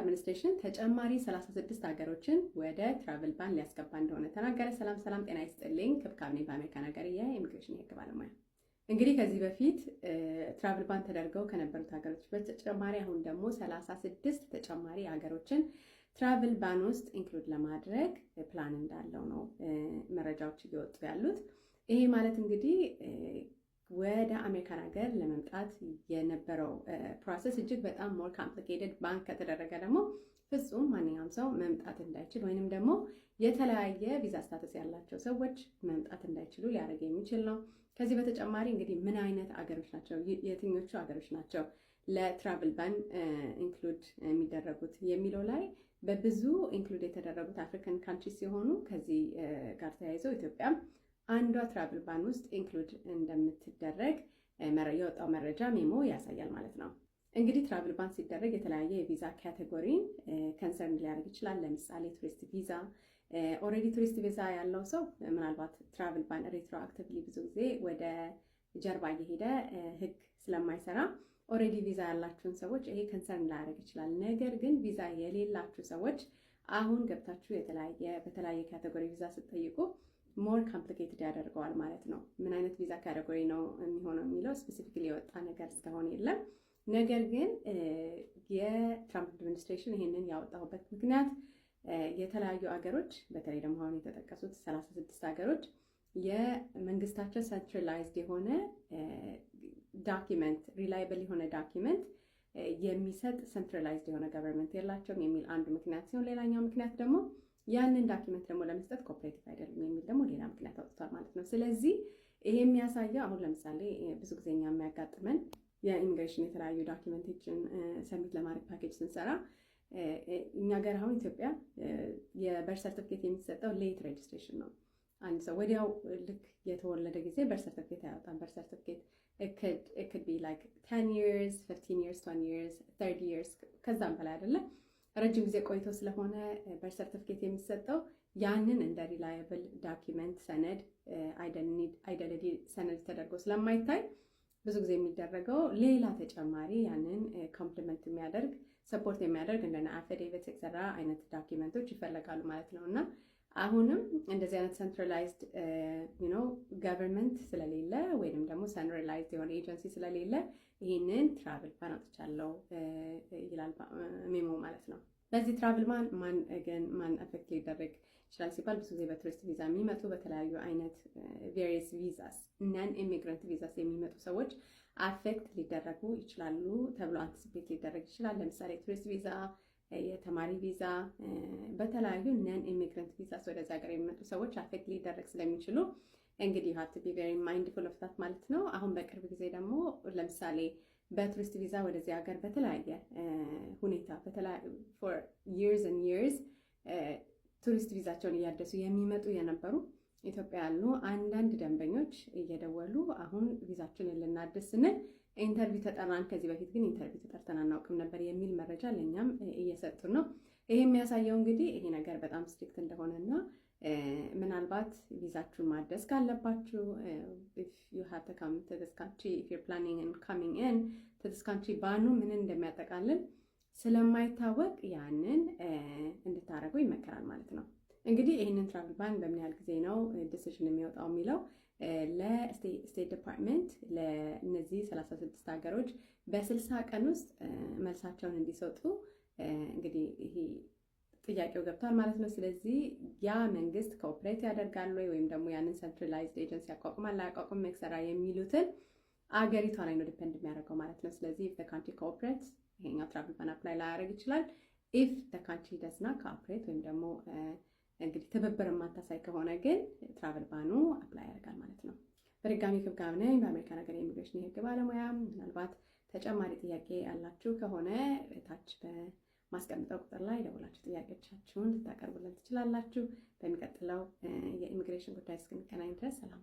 አድሚኒስትሬሽን ተጨማሪ 36 ሀገሮችን ወደ ትራቨል ባን ሊያስገባ እንደሆነ ተናገረ። ሰላም ሰላም፣ ጤና ይስጥልኝ ክብ ካብኔ በአሜሪካን ሀገር የኢሚግሬሽን የህግ ባለሙያ። እንግዲህ ከዚህ በፊት ትራቨል ባን ተደርገው ከነበሩት ሀገሮች በተጨማሪ አሁን ደግሞ 36 ተጨማሪ ሀገሮችን ትራቨል ባን ውስጥ ኢንክሉድ ለማድረግ ፕላን እንዳለው ነው መረጃዎች እየወጡ ያሉት። ይሄ ማለት እንግዲህ ወደ አሜሪካን ሀገር ለመምጣት የነበረው ፕሮሰስ እጅግ በጣም ሞር ካምፕሊኬትድ ባንክ ከተደረገ ደግሞ ፍጹም ማንኛውም ሰው መምጣት እንዳይችል ወይንም ደግሞ የተለያየ ቪዛ ስታተስ ያላቸው ሰዎች መምጣት እንዳይችሉ ሊያደርግ የሚችል ነው። ከዚህ በተጨማሪ እንግዲህ ምን አይነት አገሮች ናቸው፣ የትኞቹ አገሮች ናቸው ለትራቭል ባን ኢንክሉድ የሚደረጉት የሚለው ላይ በብዙ ኢንክሉድ የተደረጉት አፍሪካን ካንትሪ ሲሆኑ ከዚህ ጋር ተያይዘው ኢትዮጵያ አንዷ ትራቭል ባን ውስጥ ኢንክሉድ እንደምትደረግ የወጣው መረጃ ሜሞ ያሳያል ማለት ነው። እንግዲህ ትራቭል ባን ሲደረግ የተለያየ የቪዛ ካቴጎሪን ከንሰርን ሊያደርግ ይችላል። ለምሳሌ ቱሪስት ቪዛ ኦልሬዲ ቱሪስት ቪዛ ያለው ሰው ምናልባት ትራቭል ባን ሬትሮአክቲቭሊ ብዙ ጊዜ ወደ ጀርባ እየሄደ ህግ ስለማይሰራ ኦልሬዲ ቪዛ ያላችሁን ሰዎች ይሄ ከንሰርን ላያደርግ ይችላል። ነገር ግን ቪዛ የሌላችሁ ሰዎች አሁን ገብታችሁ በተለያየ ካቴጎሪ ቪዛ ስትጠይቁ ሞር ካምፕሊኬትድ ያደርገዋል ማለት ነው። ምን አይነት ቪዛ ካቴጎሪ ነው የሚሆነው የሚለው ስፔሲፊክሊ የወጣ ነገር እስካሁን የለም። ነገር ግን የትራምፕ አድሚኒስትሬሽን ይህንን ያወጣሁበት ምክንያት የተለያዩ አገሮች በተለይ ደግሞ አሁን የተጠቀሱት 36 ሀገሮች የመንግስታቸው ሰንትራላይዝድ የሆነ ዳኪመንት ሪላይብል የሆነ ዳኪመንት የሚሰጥ ሰንትራላይዝድ የሆነ ገቨርንመንት የላቸውም የሚል አንዱ ምክንያት ሲሆን ሌላኛው ምክንያት ደግሞ ያንን ዳኪመንት ደግሞ ለመስጠት ኮፕሬቲቭ አይደለም የሚል ደግሞ ሌላ ምክንያት አውጥቷል ማለት ነው። ስለዚህ ይሄ የሚያሳየው አሁን ለምሳሌ ብዙ ጊዜ እኛ የሚያጋጥመን የኢሚግሬሽን የተለያዩ ዳኪመንቶችን ሰሚት ለማድረግ ፓኬጅ ስንሰራ እኛ ገር አሁን ኢትዮጵያ የበርስ ሰርቲፊኬት የሚሰጠው ሌት ሬጅስትሬሽን ነው። አንድ ሰው ወዲያው ልክ የተወለደ ጊዜ በርስ ሰርቲፊኬት አያወጣም። በርስ ሰርቲፊኬት ኢት ኩድ ቢ ላይክ ቴን ይርስ ፊፍቲን ይርስ ትዌንቲ ይርስ ተርቲ ይርስ ከዛም በላይ አይደለም ረጅም ጊዜ ቆይቶ ስለሆነ በርዝ የሚሰጠው ያንን እንደ ሪላያብል ዳኪመንት ሰነድ አይደንቲቲ ሰነድ ተደርጎ ስለማይታይ ብዙ ጊዜ የሚደረገው ሌላ ተጨማሪ ያንን ኮምፕሊመንት የሚያደርግ ሰፖርት የሚያደርግ እንደ አፌዴቪት ኤክሰራ አይነት ዳኪመንቶች ይፈለጋሉ ማለት ነው እና አሁንም እንደዚህ አይነት ሰንትራላይዝድ ነው ገቨርንመንት ስለሌለ ወይንም ደግሞ ሰንትራላይዝድ የሆነ ኤጀንሲ ስለሌለ ይህንን ትራቭል ባን አውጥቻለሁ uh, ይላል ሜሞ uh, ማለት ነው። በዚህ ትራቭል ማን ማን ገን ማን አፌክት ሊደረግ ይችላል ሲባል ብዙ ጊዜ በቱሪስት ቪዛ የሚመጡ በተለያዩ አይነት ቬሪየስ ቪዛስ ነን ኢሚግረንት ቪዛስ የሚመጡ ሰዎች አፌክት ሊደረጉ ይችላሉ ተብሎ አንቲስፔት ሊደረግ ይችላል። ለምሳሌ ቱሪስት ቪዛ የተማሪ ቪዛ፣ በተለያዩ ነን ኢሚግረንት ቪዛስ ወደዚ ሀገር የሚመጡ ሰዎች አፌክት ሊደረግ ስለሚችሉ እንግዲህ ሀት ቢ ቬሪ ማይንድፉል ኦፍ ታት ማለት ነው። አሁን በቅርብ ጊዜ ደግሞ ለምሳሌ በቱሪስት ቪዛ ወደዚህ ሀገር በተለያየ ሁኔታ ፎር ይርስ ኤንድ ይርስ ቱሪስት ቪዛቸውን እያደሱ የሚመጡ የነበሩ ኢትዮጵያ ያሉ አንዳንድ ደንበኞች እየደወሉ አሁን ቪዛችንን ልናድስ ስንል ኢንተርቪው ተጠራን፣ ከዚህ በፊት ግን ኢንተርቪው ተጠርተን አናውቅም ነበር የሚል መረጃ ለእኛም እየሰጡን ነው። ይሄ የሚያሳየው እንግዲህ ይሄ ነገር በጣም ስትሪክት እንደሆነና ምናልባት ቪዛችሁን ማደስ ካለባችሁ ዩ ሃቭ ቱ ካም ቱ ዚስ ካንትሪ ኢፍ ፕላኒንግ ካሚንግ ቱ ዚስ ካንትሪ ባኑ ምን እንደሚያጠቃልል ስለማይታወቅ ያንን እንድታደርጉ ይመከራል ማለት ነው። እንግዲህ ይህንን ትራቭል ባን በምን ያህል ጊዜ ነው ዲሲሽን የሚወጣው የሚለው ለስቴት ዲፓርትመንት ለእነዚህ 36 ሀገሮች በ60 ቀን ውስጥ መልሳቸውን እንዲሰጡ እንግዲህ ይሄ ጥያቄው ገብቷል ማለት ነው። ስለዚህ ያ መንግስት ኮኦፕሬት ያደርጋሉ ወይ ወይም ደግሞ ያንን ሰንትራላይዝድ ኤጀንሲ ያቋቁማል አያቋቁም መክሰራ የሚሉትን አገሪቷ ላይ ነው ዲፐንድ የሚያደርገው ማለት ነው። ስለዚህ ኢፍ ካንትሪ ኮኦፕሬት ይሄኛው ትራቭል ባን አፕላይ ላያደርግ ይችላል። ኢፍ ካንትሪ ደስና ኮኦፕሬት ወይም ደግሞ እንግዲህ ትብብር የማታሳይ ከሆነ ግን ትራቨል ባኑ አፕላይ ያደርጋል ማለት ነው። በድጋሚ ክብጋብ ነኝ በአሜሪካን ሀገር የኢሚግሬሽን የህግ ባለሙያ። ምናልባት ተጨማሪ ጥያቄ ያላችሁ ከሆነ ታች በማስቀምጠው ቁጥር ላይ ደውላችሁ ጥያቄዎቻችሁን ልታቀርቡልን ትችላላችሁ። በሚቀጥለው የኢሚግሬሽን ጉዳይ እስክንገናኝ ድረስ ሰላም።